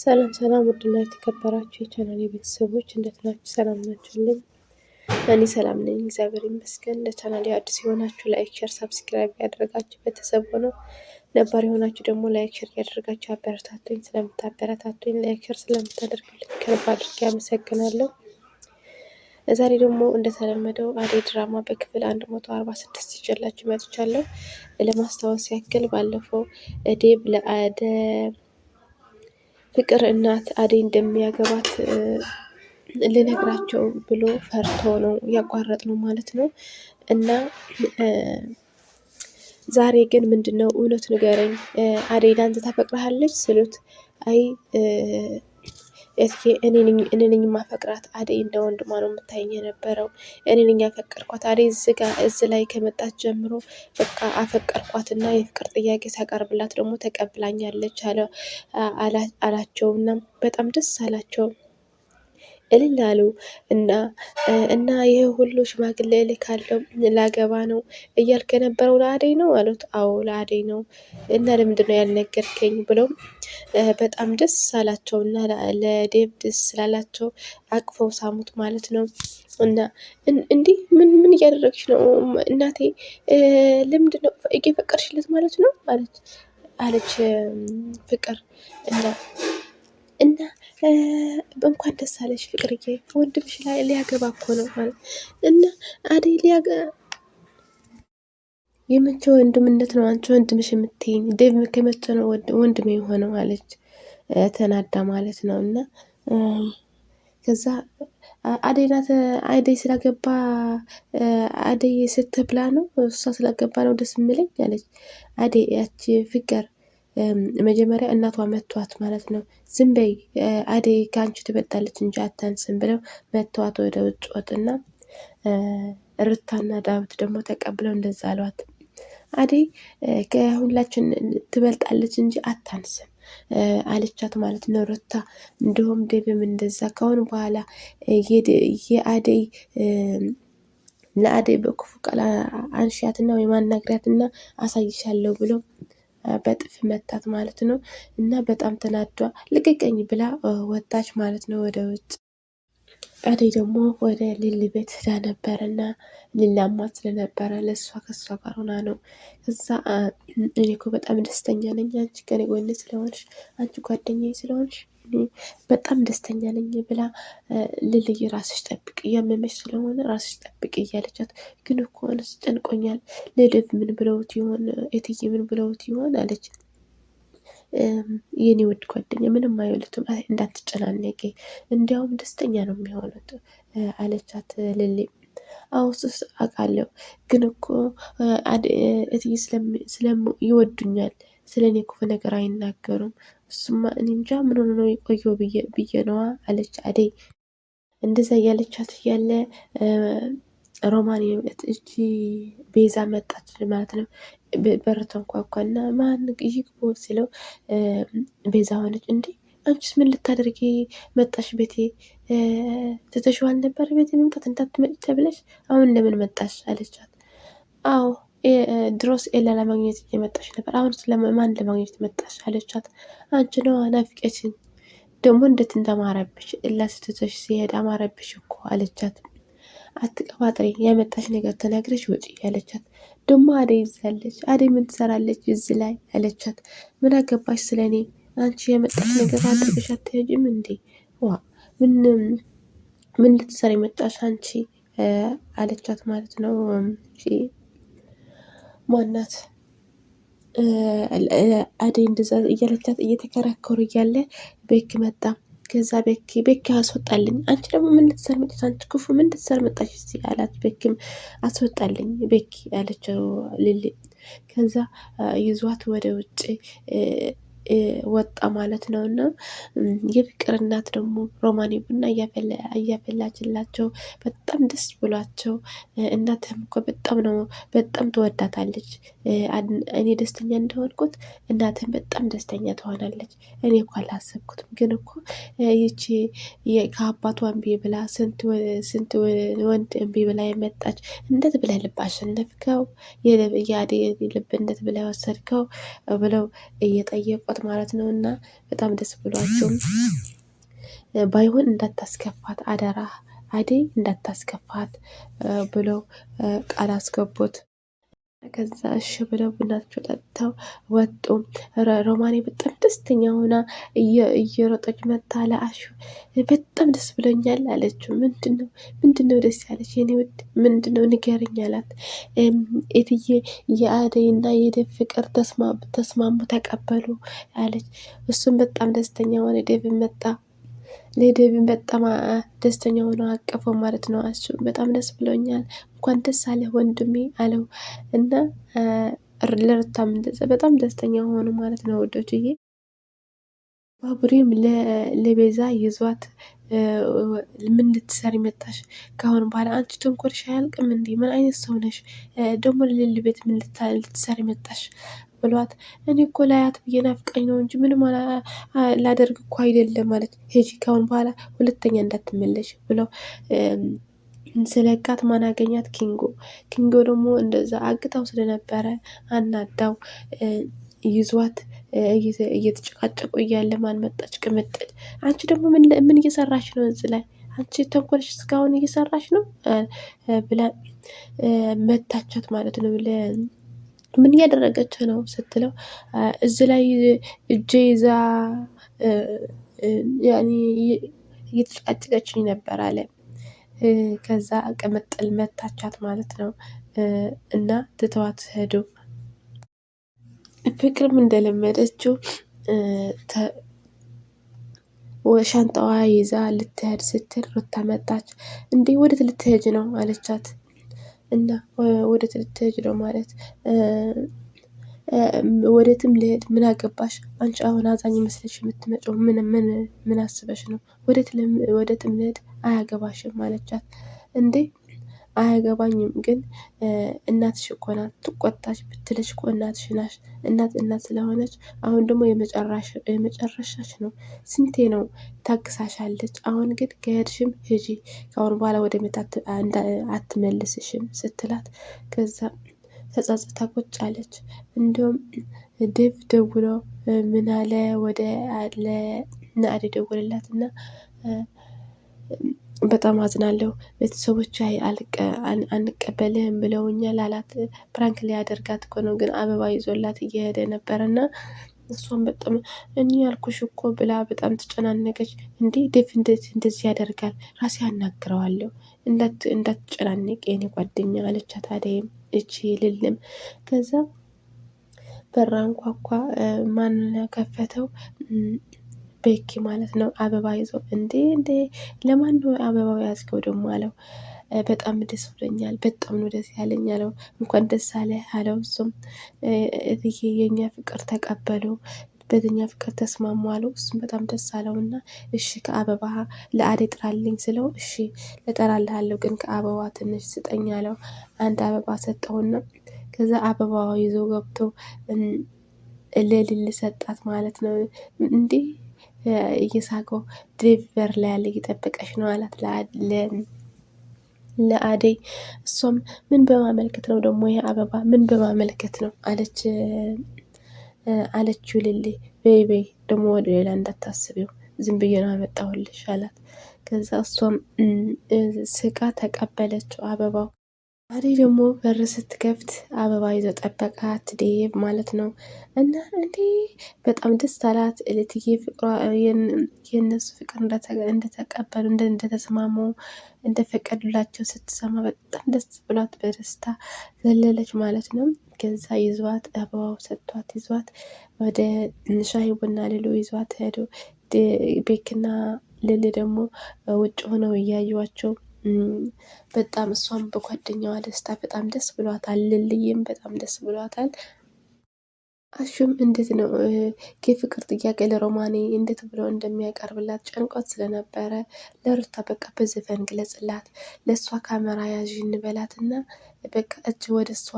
ሰላም ሰላም፣ ውድና የተከበራችሁ የቻናል የቤተሰቦች እንደት ናችሁ? ሰላም ናችሁልኝ? እኔ ሰላም ነኝ፣ እግዚአብሔር ይመስገን። ለቻናል አዲስ የሆናችሁ ላይክ፣ ሸር፣ ሳብስክራይብ ያደረጋችሁ ቤተሰብ ነው። ነባር የሆናችሁ ደግሞ ላይክ፣ ሸር ያደረጋችሁ አበረታቱኝ። ስለምታበረታቱኝ ላይክ፣ ሸር ስለምታደርጉልኝ ከልብ አድርጌ አመሰግናለሁ። ዛሬ ደግሞ እንደተለመደው አደይ ድራማ በክፍል አንድ መቶ አርባ ስድስት ይዤላችሁ መጥቻለሁ። ለማስታወስ ያክል ባለፈው ዴብ ለአደ ፍቅር እናት አደይ እንደሚያገባት ልነግራቸው ብሎ ፈርቶ ነው ያቋረጥ ነው ማለት ነው። እና ዛሬ ግን ምንድን ነው እውነት ንገረኝ፣ አደይ ላንተ ታፈቅርሃለች ስሉት አይ እስኪ እኔ ነኝ ማፈቅራት አደይ እንደ ወንድሟ ነው የምታየኝ የነበረው። እኔ ነኝ ያፈቀርኳት አደይ ዝጋ እዚ ላይ ከመጣች ጀምሮ በቃ አፈቀርኳትና የፍቅር ጥያቄ ሳቀርብላት ደግሞ ተቀብላኛለች አላቸውና በጣም ደስ አላቸው። እልል አሉ እና እና ይሄ ሁሉ ሽማግሌ እልካለሁ ላገባ ነው እያልክ የነበረው ለአደይ ነው አሉት። አዎ ለአደይ ነው እና ለምንድን ነው ያልነገርከኝ? ብለው በጣም ደስ አላቸው እና ለዴብ ደስ ስላላቸው አቅፈው ሳሙት ማለት ነው። እና እንዲህ ምን ምን እያደረግሽ ነው እናቴ? ለምንድን ነው እየፈቀርሽለት ማለት ነው አለች አለች ፍቅር እና እና እንኳን ደስ አለሽ ፍቅርዬ፣ ወንድምሽ ላይ ሊያገባ እኮ ነው ማለት እና አደይ ሊያገ የመቼ ወንድምነት ነው አንቺ ወንድምሽ የምትይኝ? ዴቭ ከመቼ ነው ወንድሜ የሆነው አለች ተናዳ ማለት ነው። እና ከዛ አደይ ናት አደይ ስላገባ አደይ ስትብላ ነው እሷ ስላገባ ነው ደስ የምለኝ አለች አደይ ያቺ ፍቅር መጀመሪያ እናቷ መቷት ማለት ነው። ዝም በይ አደይ ከአንቺ ትበልጣለች እንጂ አታንስም ብለው መተዋት ወደ ውጭ ወጥና ርታና ዳዊት ደግሞ ተቀብለው እንደዛ አሏት። አደይ ከሁላችን ትበልጣለች እንጂ አታንስም አለቻት ማለት ነው ርታ። እንዲሁም ደብም እንደዛ ከሆን በኋላ የአደይ ለአደይ በክፉ ቃል አንሽያትና ወይም አናግሪያትና አሳይሻለሁ ብሎ በጥፍ መታት ማለት ነው። እና በጣም ተናዷ ልቀቀኝ ብላ ወጣች ማለት ነው ወደ ውጭ። አደይ ደግሞ ወደ ሊሊ ቤት ሄዳ ነበረ እና አማት ስለነበረ ለእሷ ከሷ ጋር ሆና ነው። ከዛ እኔ እኮ በጣም ደስተኛ ነኝ አንቺ ከኔ ጎን ስለሆንሽ፣ አንቺ ጓደኛዬ ስለሆንሽ በጣም ደስተኛ ነኝ ብላ ልልይ ራስሽ ጠብቅ እያመመች ስለሆነ ራስሽ ጠብቅ እያለቻት፣ ግን እኮ አነስ ጨንቆኛል፣ ልደት ምን ብለውት ይሆን እትዬ ምን ብለውት ይሆን አለች። የኔ ውድ ጓደኛ ምንም አይወለትም፣ እንዳትጨናነቂ፣ እንዲያውም ደስተኛ ነው የሚሆኑት አለቻት ልልይ አውስስ አውቃለሁ ግን እኮ እትዬ ይወዱኛል ስለ እኔ ክፉ ነገር አይናገሩም። እሱማ እኔ እንጃ ምን ሆኖ ነው የቆየው ብዬ ነዋ አለች አደይ። እንደዛ እያለቻት እያለ ሮማን እጅ ቤዛ መጣች ማለት ነው። በር ተንኳኳና ማን ይግቡ ሲለው ቤዛ ሆነች። እንዴ አንቺስ ምን ልታደርጊ መጣሽ? ቤቴ ትተሽዋል ነበር ቤቴ መምጣት እንዳትመጭ ተብለሽ አሁን ለምን መጣሽ አለቻት። አዎ ድሮስ ኤላ ለማግኘት እየመጣች ነበር፣ አሁን ስለማን ለማግኘት መጣች አለቻት። አንቺ ነዋ ናፍቄችን ደግሞ እንዴት እንደማረብሽ ኤላ ስትተሽ ሲሄድ አማረብሽ እኮ አለቻት። አትቀባጥሪ፣ የመጣሽ ነገር ተናግረሽ ውጪ አለቻት። ደግሞ አደይ ይዛለች፣ አደይ ምን ትሰራለች እዚህ ላይ አለቻት። ምን አገባሽ ስለ እኔ አንቺ የመጣሽ ነገር አድርገሽ አትሄጂም እንዴ? ዋ ምን ምን ልትሰሪ መጣሽ አንቺ አለቻት ማለት ነው። ማናት አደይ እንደዛ እያለቻት እየተከራከሩ እያለ ቤክ መጣ። ከዛ ቤክ ቤክ አስወጣልኝ፣ አንቺ ደግሞ ምን ልትሰር መጣሽ? አንቺ ክፉ ምን ልትሰር መጣሽ? እዚህ አላት። ቤክም አስወጣልኝ ቤክ አለችው ልል ከዛ ይዟት ወደ ውጭ ወጣ ማለት ነው። እና የፍቅር እናት ደግሞ ሮማን ቡና እያፈላችላቸው በጣም ደስ ብሏቸው፣ እናትህም እኮ በጣም ነው በጣም ትወዳታለች። እኔ ደስተኛ እንደሆንኩት እናትህም በጣም ደስተኛ ትሆናለች። እኔ እኮ አላሰብኩትም፣ ግን እኮ ይቺ ከአባቷ እምቢ ብላ ስንት ወንድ እምቢ ብላ የመጣች እንደት ብለ ልብ አሸነፍከው? የአዴ ልብ እንደት ብለ ወሰድከው? ብለው እየጠየቁት ማለት ነው እና በጣም ደስ ብሏቸው ባይሆን እንዳታስከፋት አደራ አደይ እንዳታስከፋት ብለው ቃል አስገቡት። ከዛ እሺ ብለው ቡናቸው ጠጥተው ወጡ። ሮማኔ በጣም ደስተኛ ሆና እየሮጠች መታ ለአሹ በጣም ደስ ብሎኛል አለችው። ምንድነው ምንድነው ደስ ያለች የኔ ውድ ምንድነው ንገርኝ ንገረኝ አላት። እትዬ የአደይና የደብ ፍቅር ተስማሙ ተቀበሉ አለች። እሱም በጣም ደስተኛ ሆነ። ደብ መጣ ለደብን በጣም ደስተኛ ሆኖ አቀፈው ማለት ነው። አሱ በጣም ደስ ብሎኛል፣ እንኳን ደስ አለ ወንድሜ አለው እና ለሩታም በጣም ደስተኛ ሆኖ ማለት ነው ወዶችዬ። ባቡሬም ለቤዛ ይዟት ምን ልትሰሪ መጣሽ? ከአሁን በኋላ አንቺ ተንኮልሽ አያልቅም እንዴ? ምን አይነት ሰው ነሽ ደግሞ? ለሌል ቤት ምን ልትሰሪ መጣሽ? ብሏት እኔ እኮ ላያት ብዬ ናፍቃኝ ነው እንጂ ምንም ላደርግ እኮ አይደለም ማለት ሄጂ ካሁን በኋላ ሁለተኛ እንዳትመለሽ ብለው ስለቃት ማን አገኛት? ኪንጎ ኪንጎ ደግሞ እንደዛ አግታው ስለነበረ አናዳው ይዟት እየተጨቃጨቁ እያለ ማን መጣች? ቅምጥል አንቺ ደግሞ ምን እየሰራሽ ነው እዚህ ላይ አንቺ ተንኮልሽ እስካሁን እየሰራሽ ነው ብላ መታቻት ማለት ነው። ምን እያደረገች ነው ስትለው እዚ ላይ እጄ ይዛ እየተጫጭቀችኝ ነበር አለ። ከዛ ቅምጥል መታቻት ማለት ነው እና ትተዋት ሄዱ። ፍቅርም እንደለመደችው ሻንጣዋ ይዛ ልትሄድ ስትል ሩታ መጣች። እንዴ ወዴት ልትሄጅ ነው አለቻት። እና ወደ ትልትሄጅ ነው ማለት ወዴትም ልሄድ ምን አገባሽ አንቺ አሁን አዛኝ መስለሽ የምትመጪው ምን አስበሽ ነው? ወዴትም ልሄድ አያገባሽም ማለቻት እንዴ አያገባኝም ግን እናትሽ እኮ ናት ትቆጣሽ ብትለሽ እኮ እናትሽ ናሽ። እናት እናት ስለሆነች አሁን ደግሞ የመጨረሻሽ ነው። ስንቴ ነው ታግሳሻለች። አሁን ግን ከሄድሽም ሂጂ ከአሁን በኋላ ወደ ቤት አትመልስሽም ስትላት ከዛ ተጸጽታ ቁጭ አለች። እንዲሁም ዴቭ ደውሎ ምናለ ወደ ለናዲ ደውልላት እና በጣም አዝናለሁ። ቤተሰቦቿ አንቀበልህም ብለውኛል ላላት ፕራንክ ሊያደርጋት እኮ ነው፣ ግን አበባ ይዞላት እየሄደ ነበረ እና እሷን በጣም እኒ ያልኩሽ እኮ ብላ በጣም ትጨናነቀች። እንዲህ ዴቭ እንዴት እንደዚህ ያደርጋል? ራሴ አናግረዋለሁ፣ እንዳትጨናነቅ የኔ ጓደኛ አለቻት። አደይም እቺ ልልም ከዛ በራንኳኳ ማን ከፈተው? ቤኪ ማለት ነው። አበባ ይዞ እንዴ እንዴ ለማን ነው አበባው ያዝገው ደግሞ አለው። በጣም ደስ ብሎኛል፣ በጣም ነው ደስ ያለኝ አለው። እንኳን ደስ አለ አለው። እሱም እትዬ የኛ ፍቅር ተቀበሉ፣ በእኛ ፍቅር ተስማሙ አለው። እሱም በጣም ደስ አለው እና እሺ ከአበባ ለአዴ ጥራልኝ ስለው እሺ እጠራልሃለሁ፣ ግን ከአበባ ትንሽ ስጠኝ አለው። አንድ አበባ ሰጠውና ከዛ አበባ ይዞ ገብቶ ለሊል ሰጣት ማለት ነው እንዲህ እየሳቀው ድሪቨር ላይ ያለ እየጠበቀሽ ነው አላት ለአደይ። እሷም ምን በማመልከት ነው ደግሞ ይህ አበባ ምን በማመልከት ነው አለች አለችው ልሌ። በይ በይ ደግሞ ወደ ሌላ እንዳታስቢው ዝም ብዬ ነው አመጣሁልሽ አላት። ከዛ እሷም ስቃ ተቀበለችው አበባው አዴ ደግሞ በር ስትከፍት አበባ ይዞ ጠበቃት ዴቭ ማለት ነው። እና እንዴ በጣም ደስ አላት እልትዬ የእነሱ ፍቅር እንደተቀበሉ እንደተስማሙ እንደፈቀዱላቸው ስትሰማ በጣም ደስ ብሏት በደስታ ዘለለች ማለት ነው። ገዛ ይዟት አበባው ሰጥቷት ይዟት ወደ ሻሂ ቡና ልሉ ይዟት ሄዱ። ቤክና ልል ደግሞ ውጭ ሆነው እያዩዋቸው በጣም እሷም በጓደኛዋ ደስታ በጣም ደስ ብሏታል። ልልይም በጣም ደስ ብሏታል። አሹም እንዴት ነው የፍቅር ጥያቄ ለሮማኔ እንዴት ብሎ እንደሚያቀርብላት ጨንቆት ስለነበረ ለሩታ በቃ በዘፈን ግለጽላት፣ ለእሷ ካሜራ ያዥ እንበላት እና በቃ እጅ ወደ እሷ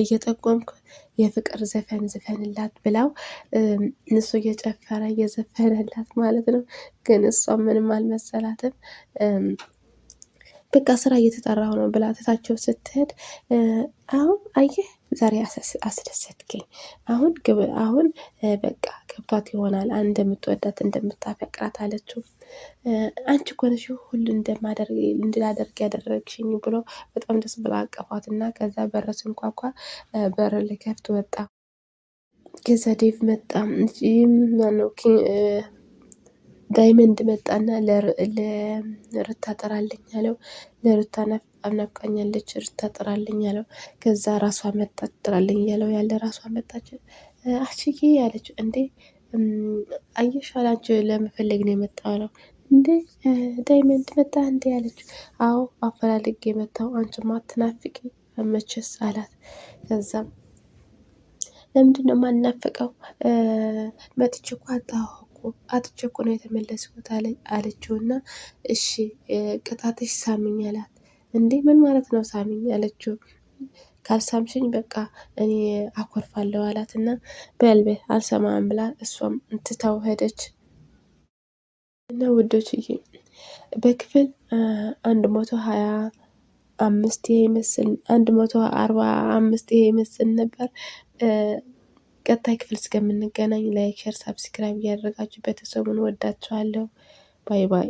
እየጠቆምኩ የፍቅር ዘፈን ዝፈንላት ብላው እሱ እየጨፈረ እየዘፈነላት ማለት ነው። ግን እሷ ምንም አልመሰላትም። በቃ ስራ እየተጠራሁ ነው ብላ ትታቸው ስትሄድ አሁን አየህ ዛሬ አስደሰትከኝ። አሁን አሁን በቃ ገብቷት ይሆናል እንደምትወዳት እንደምታፈቅራት አለችው። አንቺ እኮ ነሽ ሁሉን እንድላደርግ ያደረግሽኝ ብሎ በጣም ደስ ብላ አቀፏት እና ከዛ በር ስንኳኳ በር ልከፍት ወጣ። ከዛ ዴቭ መጣ። ይህም ማነው ዳይመንድ መጣና ለርታ ጥራልኝ አለው። ለርታ በጣም ናፍቃኛለች ሩታ ጥራልኝ አለው። ከዛ ራሷ መጣች ጥራልኝ እያለው ያለ ራሷ መጣች። አችዬ ያለችው እንዴ አየሽ አላንቺ ለመፈለግ ነው የመጣው አለው። እንዴ ዳይመንድ መጣ እንዴ አለችው። አዎ አፈላልግ የመጣው አንቺ አትናፍቂ መቼስ አላት። ከዛም ለምንድን ነው የማናፍቀው? መጥቼ እኮ አጣኋኩ አጥቼ እኮ ነው የተመለስኩት አለችው። እና እሺ ቅጣትሽ ሳምኝ አላት። እንዴ ምን ማለት ነው ሳምኝ አለችው። ካልሳምሽኝ በቃ እኔ አኮርፋለሁ እና በልቤ አልሰማም ብላ እሷም እንትታው ሄደች። እና ውዶችዬ በክፍል አንድ መቶ ሀያ አምስት ይሄ ይመስል አንድ መቶ አርባ አምስት ይሄ ይመስል ነበር። ቀጣይ ክፍል እስከምንገናኝ ላይክ፣ ሸር፣ ሳብስክራይብ እያደረጋችሁ ቤተሰቡን ወዳችኋለሁ። ባይ ባይ።